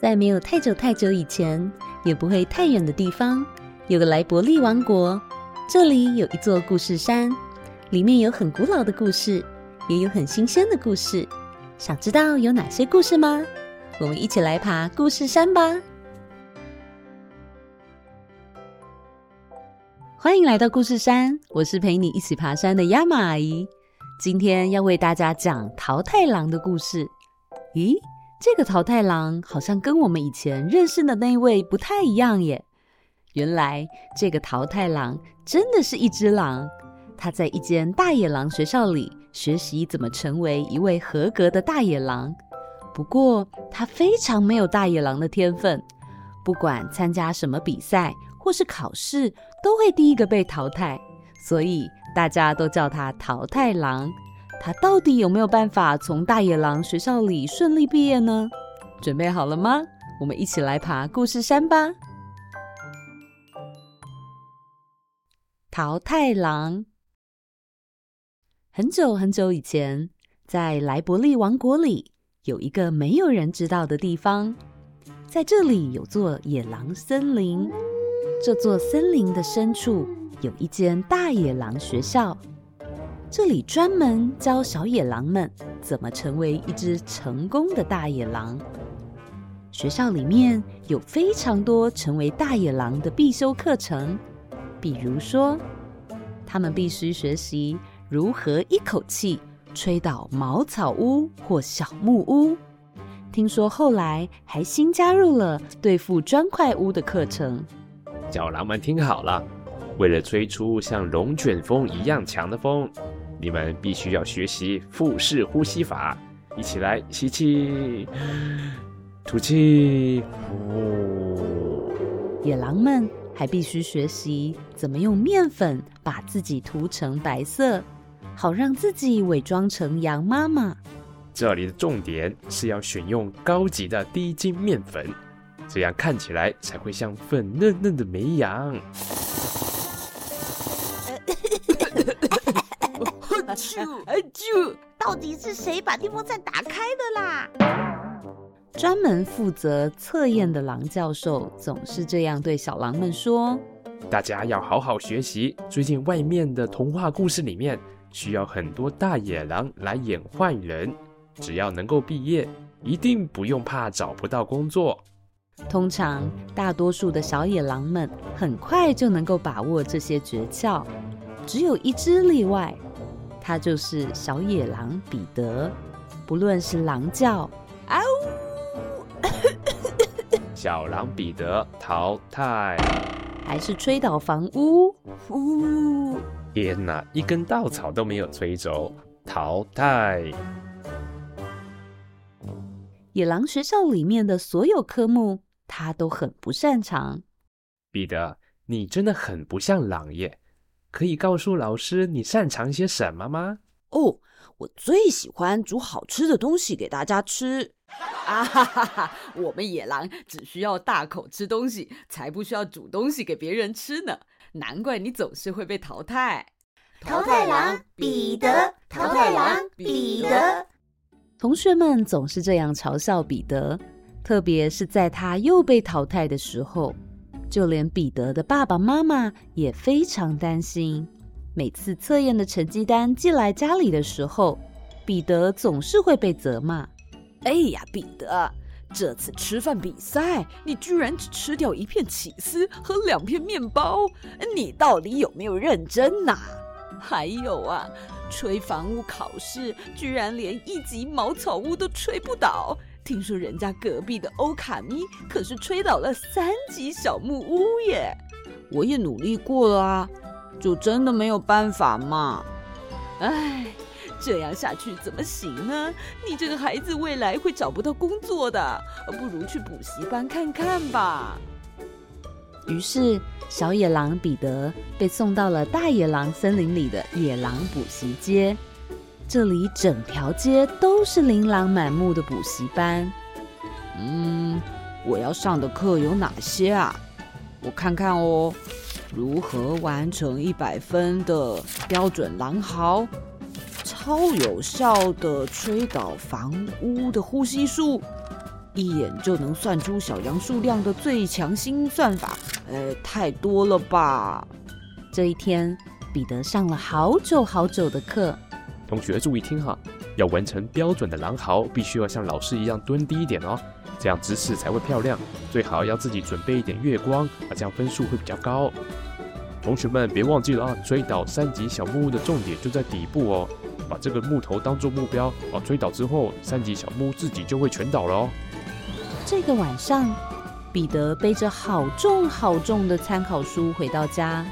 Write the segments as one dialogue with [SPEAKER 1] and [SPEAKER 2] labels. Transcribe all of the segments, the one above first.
[SPEAKER 1] 在沒有太久太久以前，也不會太遠的地方，有個萊伯利王國。這裡有一座故事山，裡面有很古老的故事，也有很新鮮的故事。想知道有哪些故事嗎？我們一起來爬故事山吧！歡迎來到故事山，我是陪你一起爬山的亞瑪阿姨。今天要為大家講桃太郎的故事。咦？這個淘汰狼好像跟我們以前認識的那位不太一樣耶。原來這個淘汰狼真的是一隻狼，他在一間大野狼學校裡學習怎麼成為一位合格的大野狼。不過他非常沒有大野狼的天分，不管參加什麼比賽或是考試，都會第一個被淘汰，所以大家都叫他淘汰狼。他到底有沒有辦法從大野狼學校裡順利畢業呢？準備好了嗎？我們一起來爬故事山吧。淘汰狼，很久很久以前，在萊伯利王國裡有一個沒有人知道的地方，在這裡有座野狼森林。這座森林的深處有一間大野狼學校。這裡專門教小野狼們怎麼成為一隻成功的大野狼。學校裡面有非常多成為大野狼的必修課程，比如說，他們必須學習如何一口氣吹倒茅草屋或小木屋。聽說後來還新加入了對付磚塊屋的課程。
[SPEAKER 2] 小狼們聽好了，為了吹出像龍捲風一樣強的風，你們必須要學習腹式呼吸法，一起來吸氣、吐氣。
[SPEAKER 1] 野狼們還必須學習怎麼用麵粉把自己塗成白色，好讓自己偽裝成羊媽媽。
[SPEAKER 2] 這裡的重點是要選用高級的低筋麵粉，這樣看起來才會像粉嫩嫩的綿羊。
[SPEAKER 1] 哎、啊啊啾、到底是誰把電風扇打開的啦？專門負責測驗的狼教授總是這樣對小狼們說：“
[SPEAKER 2] 大家要好好學習。最近外面的童話故事裡面需要很多大野狼來演壞人，只要能夠畢業，一定不用怕找不到工作。”通常，
[SPEAKER 1] 大多數的小野狼們很快就能夠把握這些訣竅，只有一隻例外。他就是小野狼彼得，不論是狼叫，嗷、啊，
[SPEAKER 2] 小狼彼得，淘汰，
[SPEAKER 1] 還是吹倒房屋，
[SPEAKER 2] 嗚，天哪，一根稻草都沒有吹走，淘汰。野
[SPEAKER 1] 狼學校裡面的所有科目，他都很不
[SPEAKER 2] 擅長。彼得，你真的很不像狼耶。可以告訴老師你擅長些什麼嗎？哦，我最喜歡煮好吃的
[SPEAKER 1] 東西給大家吃。 啊哈哈哈哈，我們野狼只需要大口吃東西，才不需要煮東西給別人吃呢。難怪你總是會被淘汰。淘汰狼，彼得，淘汰狼，彼得。同學們總是這樣嘲笑彼得，特別是在他又被淘汰的時候。就連彼得的爸爸媽媽也非常擔心。每次測驗的成績單寄來家裡的時候，彼得總是會被責罵。哎呀，彼得，這次吃飯比賽你居然只吃掉一片起司和兩片麵包，你到底有沒有認真吶、啊？還有啊，吹房屋考試居然連一級茅草屋都吹不倒。聽說人家隔壁的歐卡咪可是吹倒了三級小木屋耶！我也努力過了啊，就真的沒有辦法嘛。唉，這樣下去怎麼行呢？你這個孩子未來會找不到工作的，不如去補習班看看吧。於是，小野狼彼得被送到了大野狼森林裡的野狼補習街。這裡整條街都是琳琅滿目的補習班。嗯，我要上的課有哪些啊？我看看哦，如何完成一百分的標準狼嚎？超有效的吹倒房屋的呼吸術？一眼就能算出小羊數量的最強心算法？呃、哎，太多了吧。這一天，彼得上了好久好久的課。
[SPEAKER 2] 同學注意聽哈、啊，要完成標準的狼嚎，必須要像老師一樣蹲低一點哦、喔，這樣姿勢才會漂亮。最好要自己準備一點月光，啊，這樣分數會比較高、喔。同學們別忘記了啊，吹倒三級小木屋的重點就在底部哦、喔，把這個木頭當做目標啊，吹倒之後，三級小木屋自己就會全倒了、喔。
[SPEAKER 1] 哦。這個晚上，彼得背着好重好重的參考書回到家，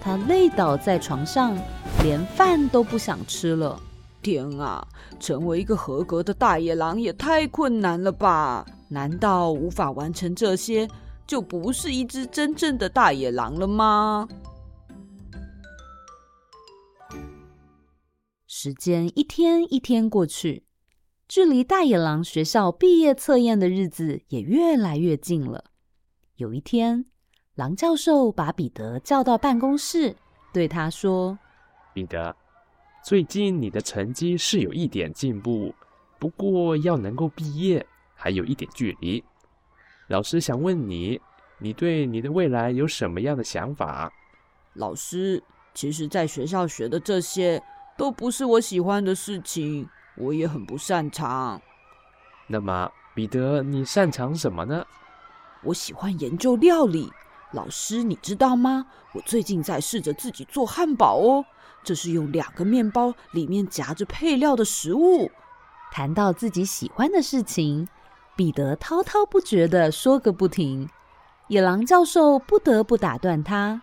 [SPEAKER 1] 他累倒在床上。連飯都不想吃了，天啊！成為一個合格的大野狼也太困難了吧？難道無法完成這些，就不是一隻真正的大野狼了嗎？時間一天一天過去，距離大野狼學校畢業測驗的日子也越來越近了。有一天，狼教授把彼得叫到辦公室，對他說。
[SPEAKER 2] 彼得，最近你的成績是有一點進步，不過要能夠畢業還有一點距離。老師想問你，你對你的未來有什麼樣的想法？老師，其實在
[SPEAKER 1] 學校學的這些都不是我喜歡的事情，我也很不擅長。那麼，彼得，你擅長什麼呢？我喜歡研究料理。老師，你知道嗎？我最近在試着自己做漢堡哦。這是用兩個麵包裡面夾着配料的食物。談到自己喜歡的事情，彼得滔滔不絕的說個不停，野狼教授不得不打斷他。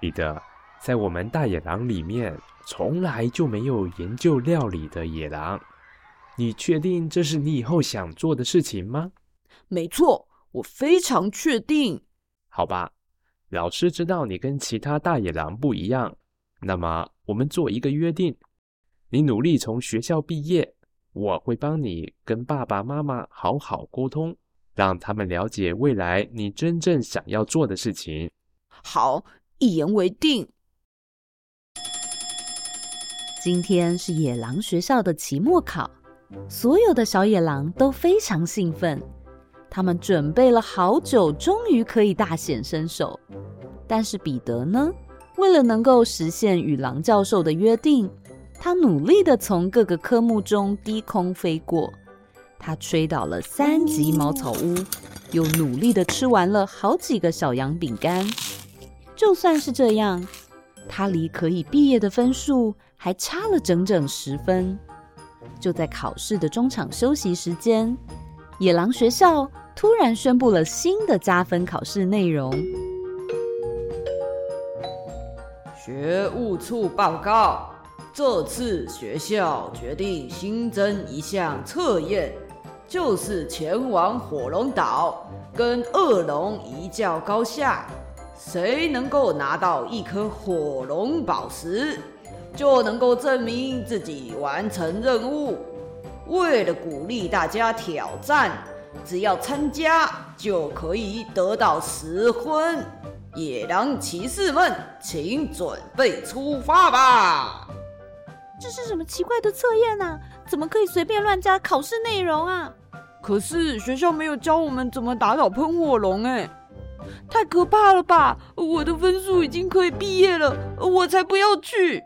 [SPEAKER 2] 彼得，在我們大野狼裡面，從來就沒有研究料理的野狼。你確定這是你以後想做的事情嗎？沒錯，我非常確定。好吧，老師知道你跟其他大野狼不一樣，那麼。我們做一個約定，你努力從學校畢業，我會幫你跟爸爸媽媽好好溝通，讓他們了解未來你真正想要做的事情。好，一言為定。
[SPEAKER 1] 今天是野狼學校的期末考，所有的小野狼都非常興奮，他們準備了好久，終於可以大顯身手。但是彼得呢？為了能夠實現與狼教授的約定，他努力地從各個科目中低空飛過。他吹倒了三級茅草屋，又努力地吃完了好幾個小羊餅乾。就算是這樣，他離可以畢業的分數還差了整整十分。就在考試的中場休息時間，野狼學校突然宣布了新的加分考試內容。學務處報告，這次學校決定新增一項測驗，就是前往火龍島跟惡龍一較高下，誰能夠拿到一顆火龍寶石，就能夠證明自己完成任務。為了鼓勵大家挑戰，只要參加就可以得到十分。野狼騎士們，請準備出發吧！這是什麼奇怪的測驗啊？怎麼可以隨便亂加考試內容啊？可是學校沒有教我們怎麼打倒噴火龍哎！太可怕了吧！我的分數已經可以畢業了，我才不要去！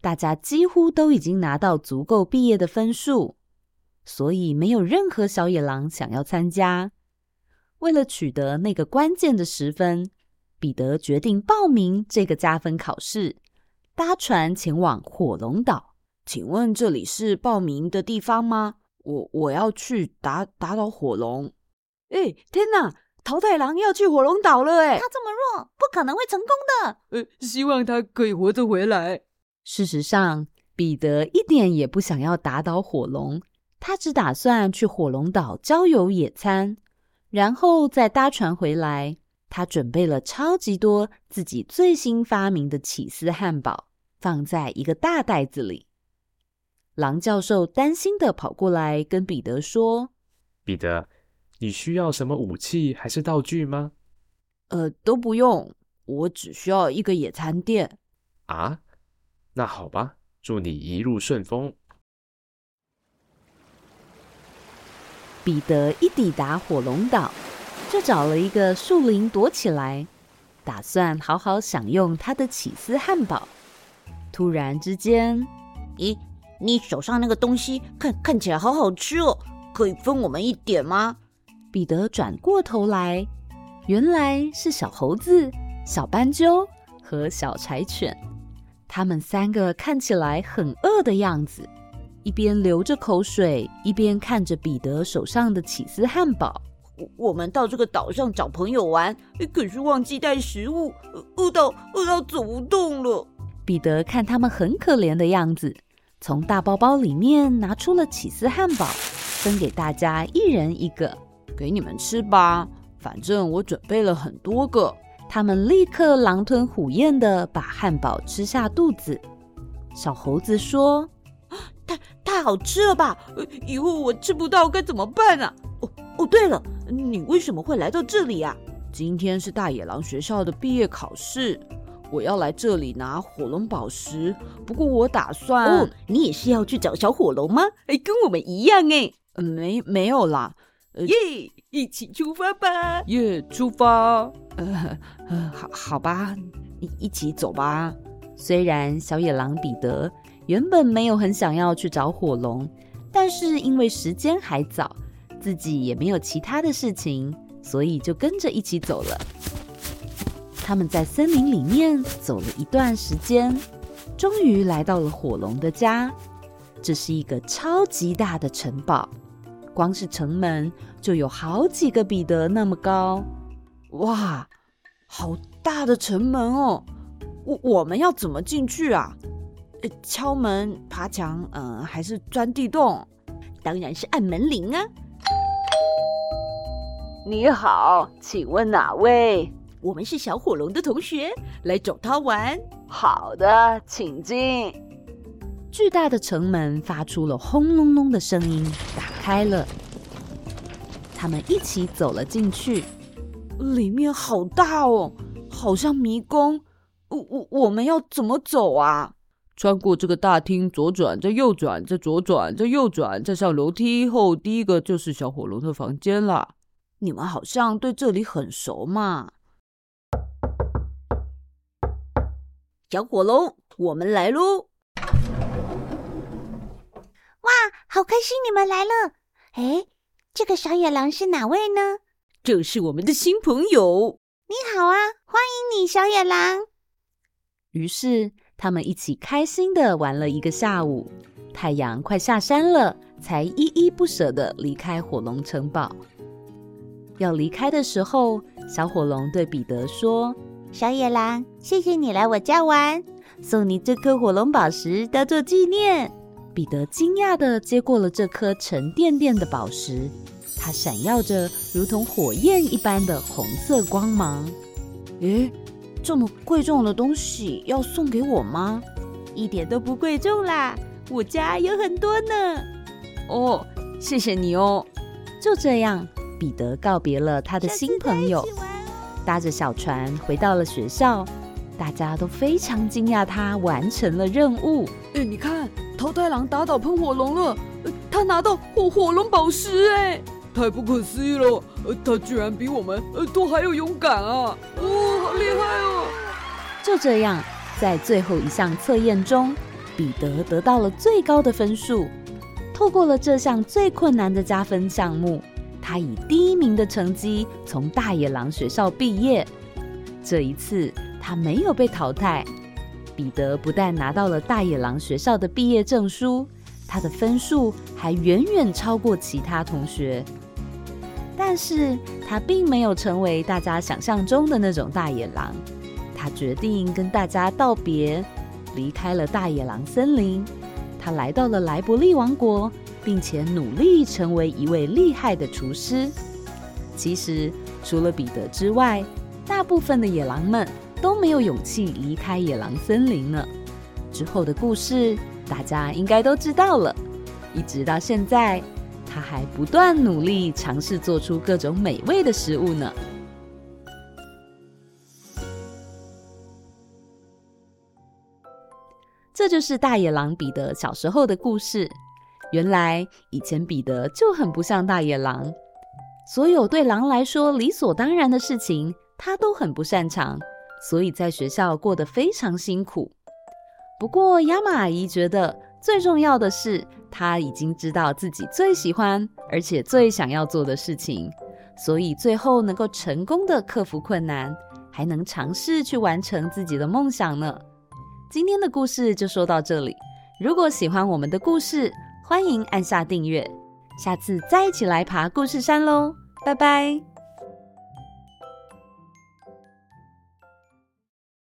[SPEAKER 1] 大家幾乎都已經拿到足夠畢業的分數，所以沒有任何小野狼想要參加。為了取得那個關鍵的十分，彼得決定報名這個加分考試，搭船前往火龍島。請問這裡是報名的地方嗎？我我要去打打倒火龍。誒，天哪！淘汰狼要去火龍島了。誒。他這麼弱，不可能會成功的。呃，希望他可以活着回來。事實上，彼得一點也不想要打倒火龍，他只打算去火龍島郊遊野餐。然後再搭船回來，他準備了超級多自己最新發明的起司漢堡，放在一個大袋子裡。狼教授擔心的跑過來跟彼得說：“
[SPEAKER 2] 彼得，你需要什麼武器還是道具嗎？”“呃，都不用，我只需要一個野餐墊。”“啊，那好吧，祝你一路順風。”
[SPEAKER 1] 彼得一抵達火龍島，就找了一個樹林躲起來，打算好好享用他的起司漢堡。突然之間，咦，你手上那個東西看看起來好好吃哦，可以分我們一點嗎？彼得轉過頭來，原來是小猴子、小斑鳩和小柴犬，他們三個看起來很餓的樣子。一邊流着口水，一邊看着彼得手上的起司漢堡。我我們到這個島上找朋友玩，可是忘記帶食物，餓到餓到走不動了。彼得看他們很可憐的樣子，從大包包裡面拿出了起司漢堡，分給大家一人一個。給你們吃吧，反正我準備了很多個。他們立刻狼吞虎嚥地把漢堡吃下肚子。小猴子說。好吃了吧？以後我吃不到該怎麼辦啊？哦，哦，對了，你為什麼會來到這裡啊？今天是大野狼學校的畢業考試，我要來這裡拿火龍寶石。不過我打算……哦，你也是要去找小火龍嗎？哎，跟我們一樣哎、呃？沒沒有啦。耶、呃，yeah, 一起出發吧！耶、yeah，出發。呃， 好，好吧，一，一起走吧。雖然小野狼彼得，原本沒有很想要去找火龍，但是因為時間還早，自己也沒有其他的事情，所以就跟着一起走了。他們在森林裡面走了一段時間，終於來到了火龍的家。這是一個超級大的城堡，光是城門就有好幾個彼得那麼高。哇，好大的城門哦！我，我們要怎麼進去啊？敲門、爬牆，嗯、呃，還是鑽地洞？當然是按門鈴啊！你好，請問哪位？我們是小火龍的同學，來找他玩。好的，請進。巨大的城門發出了轟隆隆的聲音，打開了。他們一起走了進去。裡面好大哦，好像迷宮。我我我們要怎麼走啊？穿過這個大廳，左轉，再右轉，再左轉，再右轉，再上樓梯後第一個就是小火龍的房間啦。你們好像對這裡很熟嘛？小火龍，我們來嘍！哇，好開心，你們來了！哎，這個小野狼是哪位呢？這是我們的新朋友。你好啊，歡迎你，小野狼。於是。他們一起開心地玩了一個下午，太陽快下山了，才依依不捨地離開火龍城堡。要離開的時候，小火龍對彼得說：“小野狼，謝謝你來我家玩，送你這顆火龍寶石當做紀念。”彼得驚訝地接過了這顆沉甸甸的寶石，它閃耀着如同火焰一般的紅色光芒。誒這麼貴重的東西要送給我嗎？一點都不貴重啦，我家有很多呢。哦，謝謝你哦。就這樣，彼得告別了他的新朋友，哦、搭着小船回到了學校。大家都非常驚訝，他完成了任務。哎，你看，淘汰狼打倒噴火龍了，呃、他拿到火，火龍寶石哎，太不可思議了！呃、他居然比我們、呃、都還要勇敢啊！呃好厲害哦！就這樣，在最後一項測驗中，彼得得到了最高的分數。透過了這項最困難的加分項目，他以第一名的成績從大野狼學校畢業。這一次，他沒有被淘汰。彼得不但拿到了大野狼學校的畢業證書，他的分數還遠遠超過其他同學。但是他並沒有成為大家想象中的那種大野狼，他決定跟大家道別，離開了大野狼森林。他來到了萊伯利王國，並且努力成為一位厲害的廚師。其實，除了彼得之外，大部分的野狼們都沒有勇氣離開野狼森林了。之後的故事大家應該都知道了，一直到現在。他還不斷努力，嘗試做出各種美味的食物呢。這就是大野狼彼得小時候的故事。原來，以前彼得就很不像大野狼，所有對狼來說理所當然的事情，他都很不擅長，所以在學校過得非常辛苦。不過，Yama 阿姨覺得最重要的是。他已經知道自己最喜歡，而且最想要做的事情，所以最後能夠成功的克服困難，還能嘗試去完成自己的夢想呢。今天的故事就說到這裡，如果喜歡我們的故事，歡迎按下訂閱，下次再一起來爬故事山嘍，拜拜。